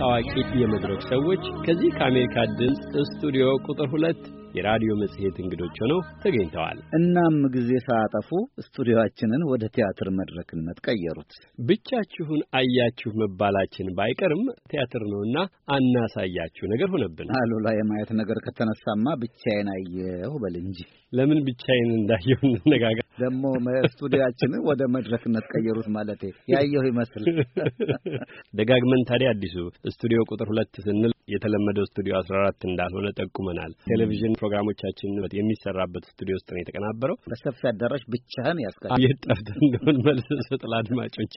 ታዋቂ የመድረክ ሰዎች ከዚህ ከአሜሪካ ድምፅ ስቱዲዮ ቁጥር ሁለት የራዲዮ መጽሔት እንግዶች ሆነው ተገኝተዋል። እናም ጊዜ ሳያጠፉ ስቱዲዮአችንን ወደ ቲያትር መድረክነት ቀየሩት። ብቻችሁን አያችሁ መባላችን ባይቀርም ቲያትር ነውና አናሳያችሁ ነገር ሆነብን። አሉላ የማየት ነገር ከተነሳማ ብቻዬን አየሁ በል እንጂ ለምን ብቻዬን እንዳየሁ እንነጋገር። ደግሞ ስቱዲዮአችንን ወደ መድረክነት ቀየሩት ማለት ያየሁ ይመስል ደጋግመን ታዲያ አዲሱ ስቱዲዮ ቁጥር ሁለት ስንል የተለመደው ስቱዲዮ 14 እንዳልሆነ ጠቁመናል። ቴሌቪዥን ፕሮግራሞቻችን የሚሰራበት ስቱዲዮ ውስጥ ነው የተቀናበረው። በሰፊ አዳራሽ ብቻህን ያስቃል። የት ጠፍተህ እንደሆን መልስ ስጥል። አድማጮች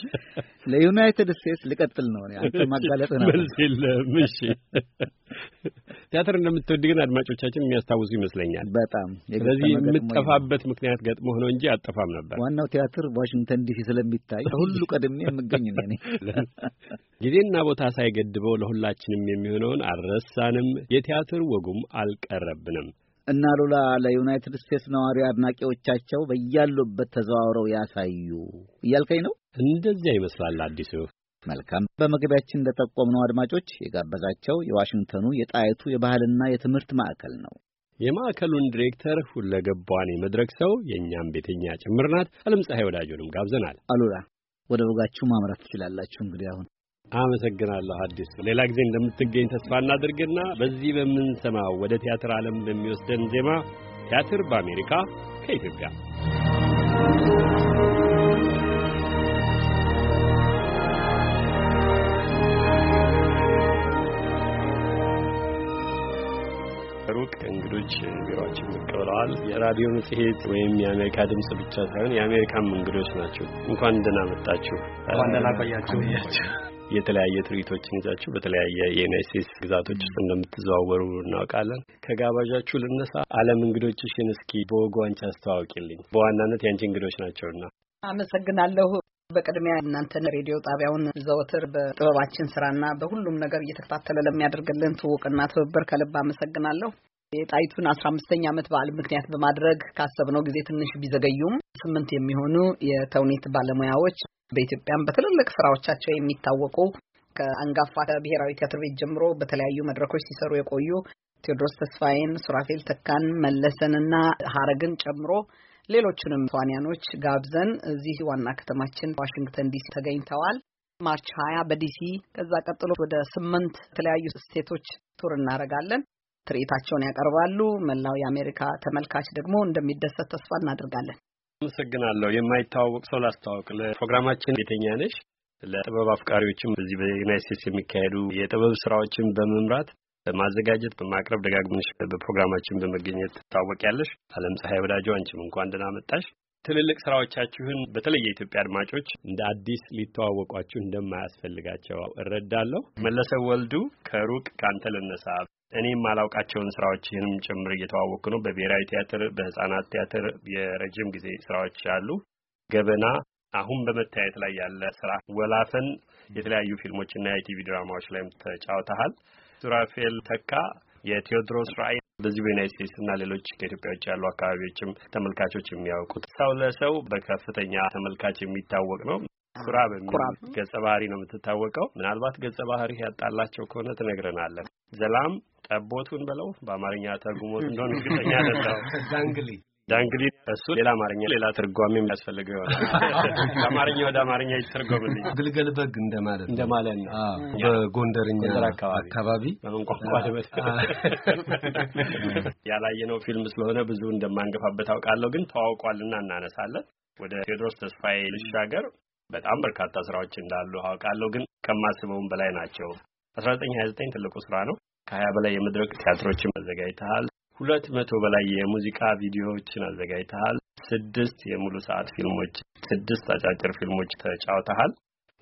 ለዩናይትድ ስቴትስ ልቀጥል ነው አንተ ማጋለጥ ነው መልስ የለም። እሺ ቲያትር እንደምትወድ ግን አድማጮቻችን የሚያስታውሱ ይመስለኛል በጣም ስለዚህ የምጠፋበት ምክንያት ገጥሞ ሆኖ እንጂ አጠፋም ነበር። ዋናው ቲያትር ዋሽንግተን ዲሲ ስለሚታይ ሁሉ ቀድሜ የምገኝ ነው ጊዜና ቦታ ሳይገድበው ለሁላችንም የሚሆነውን አልረሳንም፣ የቲያትር ወጉም አልቀረብንም። እና ሉላ ለዩናይትድ ስቴትስ ነዋሪ አድናቂዎቻቸው በያሉበት ተዘዋውረው ያሳዩ እያልከኝ ነው? እንደዚያ ይመስላል አዲሱ። መልካም በመግቢያችን እንደጠቆምነው አድማጮች የጋበዛቸው የዋሽንግተኑ የጣይቱ የባህልና የትምህርት ማዕከል ነው። የማዕከሉን ዲሬክተር ሁለገቧን የመድረክ ሰው የእኛም ቤተኛ ጭምር ናት አለም ፀሐይ ወዳጆንም ጋብዘናል። አሉላ ወደ ወጋችሁ ማምራት ትችላላችሁ። እንግዲህ አሁን አመሰግናለሁ አዲስ። ሌላ ጊዜ እንደምትገኝ ተስፋ እናድርግና በዚህ በምንሰማው ወደ ቲያትር ዓለም በሚወስደን ዜማ ቲያትር በአሜሪካ ከኢትዮጵያ ሩቅ እንግዶች ቢሮችን ብቅ ብለዋል። የራዲዮ መጽሔት ወይም የአሜሪካ ድምፅ ብቻ ሳይሆን የአሜሪካም እንግዶች ናቸው። እንኳን ደህና መጣችሁ፣ እንኳን ደህና ቆያችሁ። የተለያየ ትርኢቶችን ይዛችሁ በተለያየ የዩናይት ስቴትስ ግዛቶች ውስጥ እንደምትዘዋወሩ እናውቃለን። ከጋባዣችሁ ልነሳ። ዓለም እንግዶችሽን እስኪ በወጉ አንቺ አስተዋውቂልኝ። በዋናነት የአንቺ እንግዶች ናቸውና። አመሰግናለሁ። በቅድሚያ እናንተን ሬዲዮ ጣቢያውን ዘወትር በጥበባችን ስራና በሁሉም ነገር እየተከታተለ ለሚያደርግልን ትውቅና ትብብር ከልብ አመሰግናለሁ። የጣይቱን አስራ አምስተኛ ዓመት በዓል ምክንያት በማድረግ ካሰብነው ጊዜ ትንሽ ቢዘገዩም ስምንት የሚሆኑ የተውኔት ባለሙያዎች በኢትዮጵያም በትልልቅ ስራዎቻቸው የሚታወቁ ከአንጋፋ ብሔራዊ ቲያትር ቤት ጀምሮ በተለያዩ መድረኮች ሲሰሩ የቆዩ ቴዎድሮስ ተስፋዬን፣ ሱራፌል ተካን፣ መለሰንና ሀረግን ጨምሮ ሌሎቹንም ተዋንያኖች ጋብዘን እዚህ ዋና ከተማችን ዋሽንግተን ዲሲ ተገኝተዋል። ማርች ሀያ በዲሲ ከዛ ቀጥሎ ወደ ስምንት የተለያዩ ስቴቶች ቱር እናደርጋለን። ትርኢታቸውን ያቀርባሉ። መላው የአሜሪካ ተመልካች ደግሞ እንደሚደሰት ተስፋ እናደርጋለን። አመሰግናለሁ። የማይታወቅ ሰው ላስተዋወቅ። ለፕሮግራማችን ቤተኛ ነሽ። ለጥበብ አፍቃሪዎችም በዚህ በዩናይት ስቴትስ የሚካሄዱ የጥበብ ስራዎችን በመምራት በማዘጋጀት በማቅረብ ደጋግመሽ በፕሮግራማችን በመገኘት ትታወቂያለሽ። አለም ፀሐይ ወዳጆ አንቺም እንኳን ደህና መጣሽ። ትልልቅ ስራዎቻችሁን በተለይ የኢትዮጵያ አድማጮች እንደ አዲስ ሊተዋወቋችሁ እንደማያስፈልጋቸው እረዳለሁ። መለሰ ወልዱ ከሩቅ ከአንተ ልነሳ እኔም ማላውቃቸውን ስራዎች ይህንም ጭምር እየተዋወቅኩ ነው። በብሔራዊ ቲያትር፣ በህጻናት ቲያትር የረጅም ጊዜ ስራዎች አሉ። ገበና አሁን በመታየት ላይ ያለ ስራ ወላፈን፣ የተለያዩ ፊልሞችና የቲቪ ድራማዎች ላይም ተጫውተሃል። ሱራፌል ተካ የቴዎድሮስ ራዕይ በዚህ በዩናይት ስቴትስ እና ሌሎች ከኢትዮጵያ ውጭ ያሉ አካባቢዎችም ተመልካቾች የሚያውቁት ሰው ለሰው በከፍተኛ ተመልካች የሚታወቅ ነው። ኩራ በሚል ገጸ ባህሪ ነው የምትታወቀው። ምናልባት ገጸ ባህሪ ያጣላቸው ከሆነ ትነግረናለን። ዘላም ጠቦቱን በለው በአማርኛ ተርጉሞት እንደሆነ እርግጠኛ አይደለሁ። ዳንግሊ ዳንግሊ፣ እሱ ሌላ አማርኛ ሌላ ትርጓሜ የሚያስፈልገው ይሆናል። ከአማርኛ ወደ አማርኛ ይተርጎምልኝ። ግልገል በግ እንደማለት እንደማለት ነው። በጎንደርኛ አካባቢ ያላየነው ፊልም ስለሆነ ብዙ እንደማንገፋበት አውቃለሁ፣ ግን ተዋውቋልና እናነሳለን። ወደ ቴዎድሮስ ተስፋዬ ልሻገር። በጣም በርካታ ስራዎች እንዳሉ አውቃለሁ፣ ግን ከማስበውም በላይ ናቸው። 1929 ትልቁ ስራ ነው። ከሀያ በላይ የመድረክ ቲያትሮችን አዘጋጅተሃል። ሁለት መቶ በላይ የሙዚቃ ቪዲዮዎችን አዘጋጅተሃል። ስድስት የሙሉ ሰዓት ፊልሞች፣ ስድስት አጫጭር ፊልሞች ተጫውተሃል።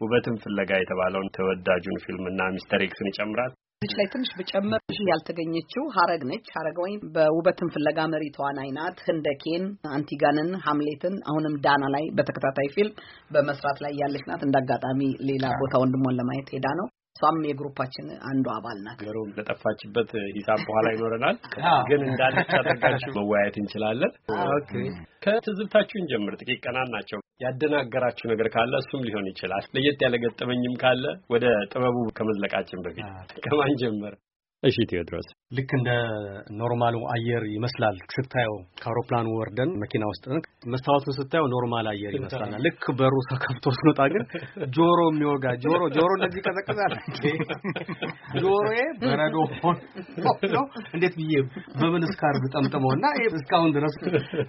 ውበትን ፍለጋ የተባለውን ተወዳጁን ፊልምና ሚስተር ኤክስን ይጨምራል። እዚህ ላይ ትንሽ ብጨምር ያልተገኘችው ሀረግ ነች። ሀረግ ወይም በውበትን ፍለጋ መሪ ተዋናይ ናት። ህንደኬን፣ አንቲጋንን፣ ሀምሌትን አሁንም ዳና ላይ በተከታታይ ፊልም በመስራት ላይ ያለች ናት። እንደ አጋጣሚ ሌላ ቦታ ወንድሟን ለማየት ሄዳ ነው። እሷም የግሩፓችን አንዱ አባል ናት። ግሩም ለጠፋችበት ሂሳብ በኋላ ይኖረናል፣ ግን እንዳለች አድርጋችሁ መወያየት እንችላለን። ከትዝብታችሁን ጀምር። ጥቂት ቀናት ናቸው። ያደናገራችሁ ነገር ካለ እሱም ሊሆን ይችላል። ለየት ያለ ገጠመኝም ካለ ወደ ጥበቡ ከመዝለቃችን በፊት ከማን ጀምር? እሺ ቴዎድሮስ፣ ልክ እንደ ኖርማሉ አየር ይመስላል ስታየው። ከአውሮፕላኑ ወርደን መኪና ውስጥ መስታወቱን ስታየው ኖርማል አየር ይመስላል። ልክ በሩ ተከፍቶ ስንወጣ ግን ጆሮ የሚወጋ ጆሮ ጆሮ እንደዚህ ይቀዘቅዛል። ጆሮዬ በረዶ ሆኖ እንዴት ብዬ በምን እስካር ጠምጥመው እና እስካሁን ድረስ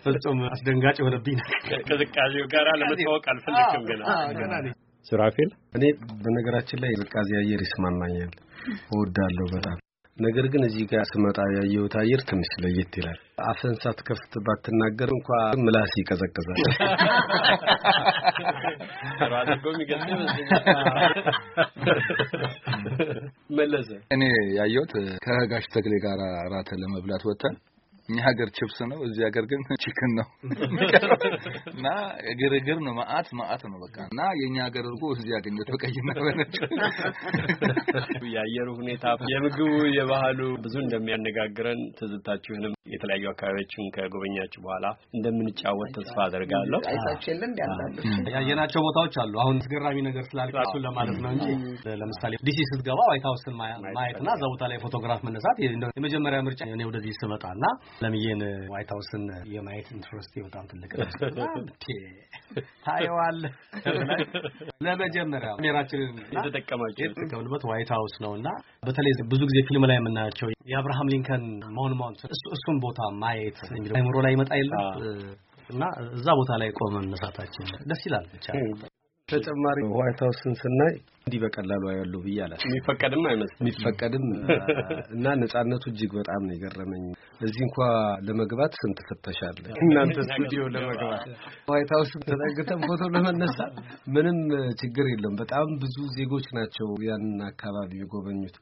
ፍጹም አስደንጋጭ የሆነብኝ ነ ቅዝቃዜው ጋራ ለመታወቅ አልፈለግም ገና ሱራፌል፣ እኔ በነገራችን ላይ ቅዝቃዜ አየር ይስማማኛል እወዳለሁ በጣም ነገር ግን እዚህ ጋር ስመጣ ያየሁት አየር ትንሽ ለየት ይላል። አፍህን ሳትከፍት ባትናገር እንኳ ምላስ ይቀዘቅዛል። መለሰ እኔ ያየሁት ከጋሽ ተክሌ ጋር እራት ለመብላት ወጥተን እኛ ሀገር ችፕስ ነው፣ እዚህ ሀገር ግን ቺክን ነው እና ግርግር ነው፣ ማአት ማአት ነው በቃ። እና የእኛ ሀገር እርጎ እዚህ ያገኘ በቀይና በነጭ የአየሩ ሁኔታ የምግቡ፣ የባህሉ ብዙ እንደሚያነጋግረን ትዝታችሁንም የተለያዩ አካባቢዎችን ከጎበኛችሁ በኋላ እንደምንጫወት ተስፋ አደርጋለሁ። ያየናቸው ቦታዎች አሉ። አሁን አስገራሚ ነገር ስላልቃሱ ለማለት ነው እንጂ ለምሳሌ ዲሲ ስትገባ ዋይት ሀውስን ማየትና እዛ ቦታ ላይ ፎቶግራፍ መነሳት የመጀመሪያ ምርጫ እኔ ወደዚህ ስመጣና ለምዬን ዋይት ሀውስን የማየት ኢንትረስት በጣም ትልቅ ታየዋል። ለመጀመሪያ ሜራችንን የተጠቀምንበት ዋይት ሀውስ ነው እና በተለይ ብዙ ጊዜ ፊልም ላይ የምናያቸው የአብርሃም ሊንከን መሆን እሱ የትም ቦታ ማየት የሚለው አይምሮ ላይ ይመጣ የለም እና እዛ ቦታ ላይ ቆመ መነሳታችን ደስ ይላል። ብቻ ተጨማሪ ዋይት ሀውስን ስናይ እንዲህ በቀላሉ አያሉ ብዬ የሚፈቀድም አይመስል የሚፈቀድም እና ነጻነቱ እጅግ በጣም ነው የገረመኝ። እዚህ እንኳ ለመግባት ስንት ፈተሻለ እናንተ ስቱዲዮ ለመግባት ዋይት ሀውስ ተጠግተን ፎቶ ለመነሳት ምንም ችግር የለም። በጣም ብዙ ዜጎች ናቸው ያንን አካባቢ የጎበኙት።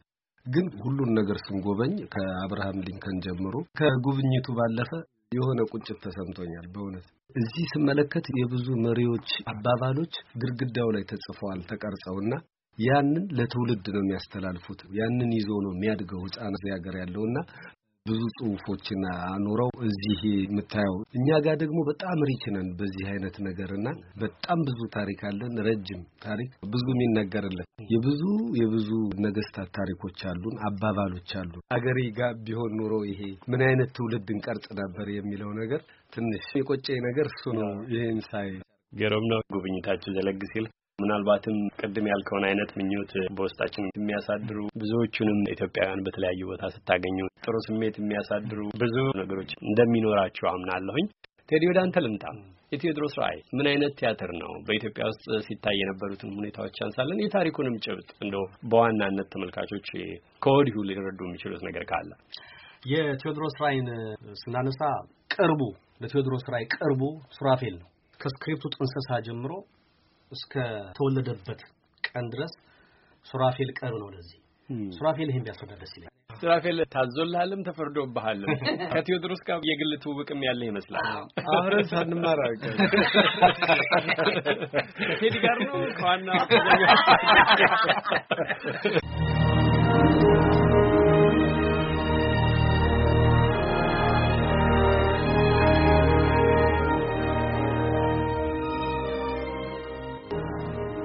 ግን ሁሉን ነገር ስንጎበኝ ከአብርሃም ሊንከን ጀምሮ ከጉብኝቱ ባለፈ የሆነ ቁጭት ተሰምቶኛል። በእውነት እዚህ ስመለከት የብዙ መሪዎች አባባሎች ግድግዳው ላይ ተጽፈዋል ተቀርጸውና ያንን ለትውልድ ነው የሚያስተላልፉት። ያንን ይዞ ነው የሚያድገው ህፃን እዚህ ሀገር ያለውና ብዙ ጽሁፎችን አኑረው እዚህ የምታየው እኛ ጋር ደግሞ በጣም ሪች ነን በዚህ አይነት ነገር እና በጣም ብዙ ታሪክ አለን። ረጅም ታሪክ ብዙ የሚነገርለን የብዙ የብዙ ነገስታት ታሪኮች አሉን፣ አባባሎች አሉ። አገሬ ጋር ቢሆን ኑሮ ይሄ ምን አይነት ትውልድ እንቀርጽ ነበር የሚለው ነገር ትንሽ የቆጨኝ ነገር እሱ ነው። ይህን ሳይ ገሮም ነው። ጉብኝታችሁ ዘለግ ሲል ምናልባትም ቅድም ያልከውን አይነት ምኞት በውስጣችን የሚያሳድሩ ብዙዎቹንም ኢትዮጵያውያን በተለያዩ ቦታ ስታገኙ ጥሩ ስሜት የሚያሳድሩ ብዙ ነገሮች እንደሚኖራቸው አምናለሁኝ። ቴዲ ወደ አንተ ልምጣ። የቴዎድሮስ ራዕይ ምን አይነት ቲያትር ነው? በኢትዮጵያ ውስጥ ሲታይ የነበሩትን ሁኔታዎች አንሳለን፣ የታሪኩንም ጭብጥ እንደው በዋናነት ተመልካቾች ከወዲሁ ሊረዱ የሚችሉት ነገር ካለ የቴዎድሮስ ራዕይን ስናነሳ ቅርቡ ለቴዎድሮስ ራይ ቅርቡ ሱራፌል ነው። ከስክሪፕቱ ጥንሰሳ ጀምሮ እስከ ተወለደበት ቀን ድረስ ሱራፌል ቅርብ ነው ለዚህ hmm. ሱራፌል ይሄን ቢያስረዳ ደስ ይላል። ሱራፌል ታዞልሃልም ተፈርዶብሃልም ከቴዎድሮስ ጋር የግል ትውውቅም ያለ ይመስላል። አብረን ሳንማራ ከቴዲ ጋር ነው ከዋና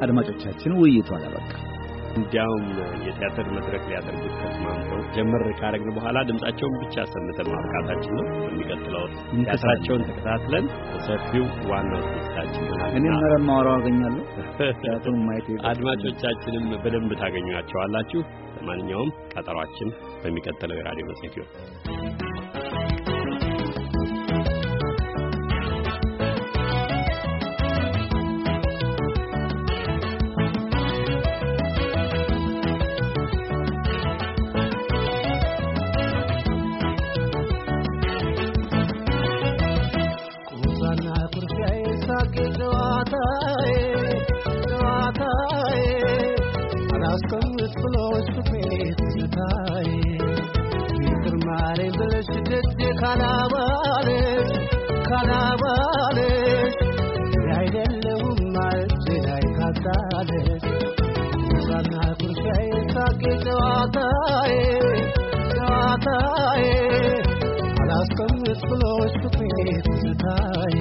አድማጮቻችን፣ ውይይቱ አላበቃ። እንዲያውም የቲያትር መድረክ ሊያደርጉት ተስማምተው ጀመር ካረግን በኋላ ድምጻቸውን ብቻ ሰምተን ማብቃታችን ነው። የሚቀጥለው ቲያትራቸውን ተከታትለን ሰፊው ዋናው ዝግጅታችን ይሆናል። እኔም መረብ ማወራው አገኛለሁ። ቲያትሩን ማየት አድማጮቻችንም በደንብ ታገኟቸዋላችሁ። ለማንኛውም ቀጠሯችን በሚቀጥለው የራዲዮ መጽሔት ይሆናል። kalabalık kalabalık አይደለሁም አልዜና ይካታለች ሳና ቁርሻዬ ሳቄ ጨዋታዬ ጨዋታዬ አላስቀምጥ ብሎች ፍቅሬ ትዝታዬ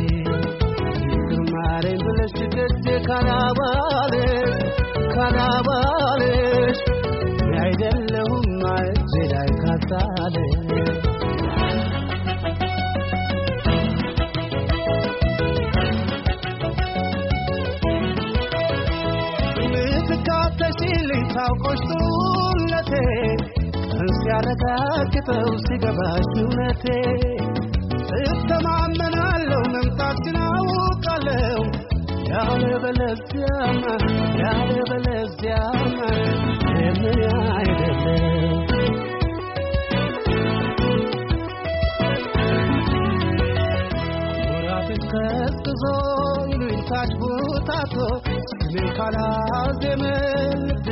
ግርማሬ ብለሽ ደጅ ካላባለች ካላ ተገፍተው ሲገባሽ እውነቴ እተማመናለሁ መምጣትሽን አውቃለሁ ያለ በለዚያማ ያለ በለዚያማ የምን አይደለም ከስክዞ ቀዝቅዞ ይሉኝታች ቦታቶ እኔ ካላዜምን